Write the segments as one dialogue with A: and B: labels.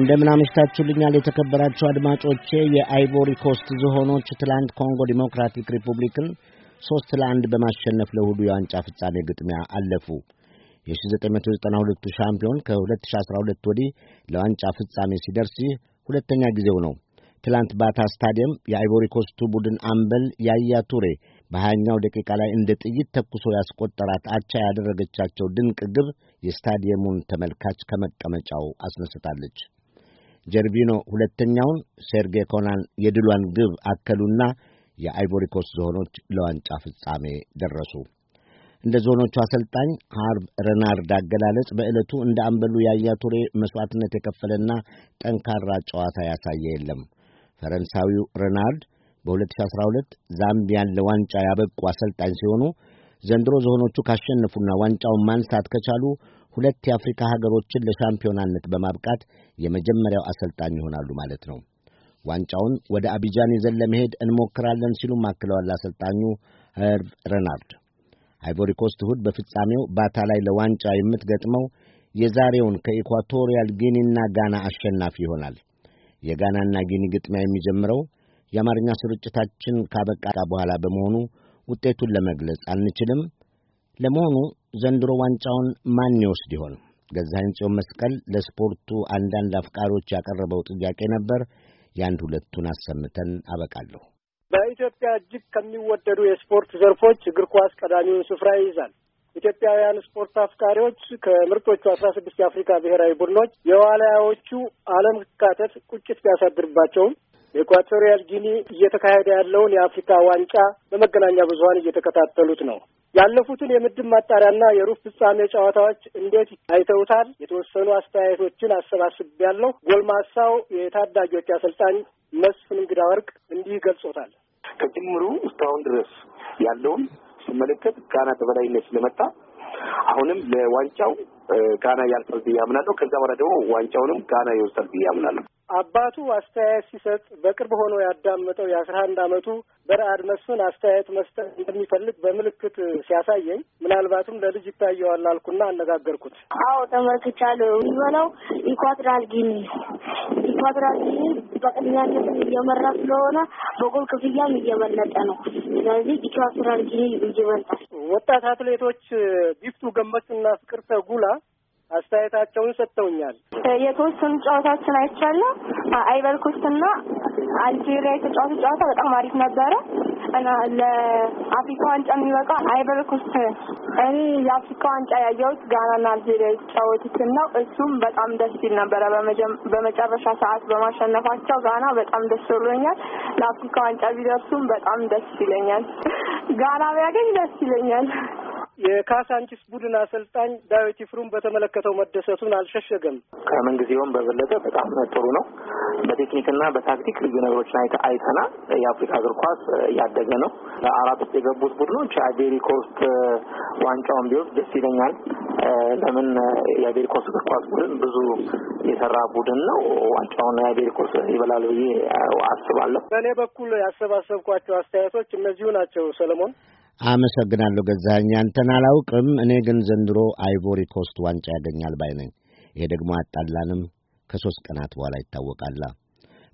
A: እንደምን አመሽታችሁልኛል የተከበራችሁ አድማጮቼ። የአይቮሪ ኮስት ዝሆኖች ትላንት ኮንጎ ዲሞክራቲክ ሪፑብሊክን ሶስት ለአንድ በማሸነፍ ለሁሉ የዋንጫ ፍጻሜ ግጥሚያ አለፉ። የ1992 ሻምፒዮን ከ2012 ወዲህ ለዋንጫ ፍጻሜ ሲደርስ ይህ ሁለተኛ ጊዜው ነው። ትላንት ባታ ስታዲየም የአይቮሪ ኮስቱ ቡድን አምበል ያያ ቱሬ በሀያኛው ደቂቃ ላይ እንደ ጥይት ተኩሶ ያስቆጠራት አቻ ያደረገቻቸው ድንቅ ግብ የስታዲየሙን ተመልካች ከመቀመጫው አስነስታለች። ጀርቢኖ ሁለተኛውን፣ ሴርጌ ኮናን የድሏን ግብ አከሉና የአይቮሪኮስ ዝሆኖች ለዋንጫ ፍጻሜ ደረሱ። እንደ ዝሆኖቹ አሰልጣኝ ሃርቭ ረናርድ አገላለጽ በዕለቱ እንደ አምበሉ ያያ ቱሬ መሥዋዕትነት የከፈለና ጠንካራ ጨዋታ ያሳየ የለም። ፈረንሳዊው ረናርድ በ2012 ዛምቢያን ለዋንጫ ያበቁ አሰልጣኝ ሲሆኑ ዘንድሮ ዝሆኖቹ ካሸነፉና ዋንጫውን ማንሳት ከቻሉ ሁለት የአፍሪካ ሀገሮችን ለሻምፒዮናነት በማብቃት የመጀመሪያው አሰልጣኝ ይሆናሉ ማለት ነው። ዋንጫውን ወደ አቢጃን ይዘን ለመሄድ እንሞክራለን ሲሉም አክለዋል አሰልጣኙ ኸርቭ ረናርድ። ኮስት እሁድ በፍጻሜው ባታ ላይ ለዋንጫ የምትገጥመው የዛሬውን ከኢኳቶሪያል ጊኒና ጋና አሸናፊ ይሆናል። የጋናና ጊኒ ግጥሚያ የሚጀምረው የአማርኛ ስርጭታችን ካበቃ በኋላ በመሆኑ ውጤቱን ለመግለጽ አንችልም። ለመሆኑ ዘንድሮ ዋንጫውን ማን ይወስድ ይሆን? ገዛኸኝ ጽዮን መስቀል ለስፖርቱ አንዳንድ አፍቃሪዎች ያቀረበው ጥያቄ ነበር። የአንድ ሁለቱን አሰምተን አበቃለሁ።
B: በኢትዮጵያ እጅግ ከሚወደዱ የስፖርት ዘርፎች እግር ኳስ ቀዳሚውን ስፍራ ይይዛል። ኢትዮጵያውያን ስፖርት አፍቃሪዎች ከምርጦቹ አስራ ስድስት የአፍሪካ ብሔራዊ ቡድኖች የዋልያዎቹ ካተት ቁጭት ቢያሳድርባቸውም በኢኳቶሪያል ጊኒ እየተካሄደ ያለውን የአፍሪካ ዋንጫ በመገናኛ ብዙኃን እየተከታተሉት ነው። ያለፉትን የምድብ ማጣሪያና የሩብ ፍጻሜ ጨዋታዎች እንዴት አይተውታል? የተወሰኑ አስተያየቶችን ያለው ጎልማሳው የታዳጊዎች አሰልጣኝ መስፍን እንግዳ ወርቅ እንዲህ ገልጾታል። ከጅምሩ እስካሁን ድረስ ያለውን ስመለከት ጋና ተበላይነት ስለመጣ አሁንም ለዋንጫው ጋና ያልፋል ብዬ አምናለሁ። ከዛ በኋላ ደግሞ ዋንጫውንም ጋና ይወስዳል ብዬ አምናለሁ። አባቱ አስተያየት ሲሰጥ በቅርብ ሆኖ ያዳመጠው የአስራ አንድ አመቱ በረአድ መስፍን አስተያየት መስጠት እንደሚፈልግ በምልክት ሲያሳየኝ ምናልባትም ለልጅ ይታየዋል አልኩና አነጋገርኩት። አዎ ተመልክቻለሁ። የሚሆነው ኢኳትራል ጊኒ ኢኳትራል ጊኒ በቅድሚያነት እየመራ ስለሆነ በጎል ክፍያም እየበለጠ ነው። ስለዚህ ኢኳትራል ጊኒ ይበልጣል። ወጣት አትሌቶች ቢፍቱ ገመቹና ፍቅር ተጉላ አስተያየታቸውን ሰጥተውኛል። የተወሰኑ ጨዋታዎችን አይቻለሁ። አይበልኩስና አልጄሪያ የተጫወቱ ጨዋታ በጣም አሪፍ ነበረ። ቀና ለአፍሪካ ዋንጫ የሚበቃ አይቨሪ ኮስት እኔ የአፍሪካ ዋንጫ ያየሁት ጋናና አልጄሪያ የተጫወቱትን ነው። እሱም በጣም ደስ ሲል ነበረ። በመጨረሻ ሰዓት በማሸነፋቸው ጋና በጣም ደስ ብሎኛል። ለአፍሪካ ዋንጫ ቢደርሱም በጣም ደስ ይለኛል። ጋና ቢያገኝ ደስ ይለኛል። የካሳንቺስ ቡድን አሰልጣኝ ዳዊት ይፍሩን በተመለከተው መደሰቱን አልሸሸገም። ከምን ጊዜውም በበለጠ በጣም ጥሩ ነው። በቴክኒክና በታክቲክ ልዩ ነገሮችን አይተና የአፍሪካ እግር ኳስ እያደገ ነው። አራት ውስጥ የገቡት ቡድኖች የአይቬሪ ኮስት ዋንጫውን ቢወስድ ደስ ይለኛል። ለምን የአይቬሪ ኮስት እግር ኳስ ቡድን ብዙ የሰራ ቡድን ነው። ዋንጫውን የአይቬሪ ኮስት ይበላል ብዬ አስባለሁ። በእኔ በኩል ያሰባሰብኳቸው አስተያየቶች እነዚሁ ናቸው ሰለሞን።
A: አመሰግናለሁ ገዛኸኝ። አንተን አላውቅም፣ እኔ ግን ዘንድሮ አይቮሪ ኮስት ዋንጫ ያገኛል ባይ ነኝ። ይሄ ደግሞ አጣላንም፣ ከሦስት ቀናት በኋላ ይታወቃል።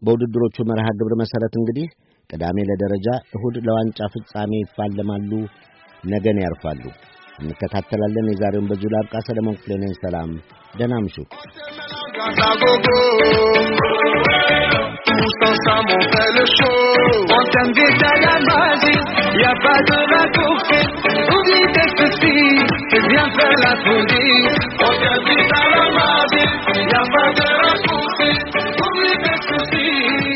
A: በውድድሮቹ መርሃ ግብር መሠረት እንግዲህ ቅዳሜ ለደረጃ እሁድ ለዋንጫ ፍጻሜ ይፋለማሉ። ነገን ያርፋሉ። እንከታተላለን። የዛሬውን በዚሁ ላብቃ። ሰለሞን ክፍሌ ነኝ። ሰላም፣ ደህና ምሹ።
B: Y'a pas para cumprir,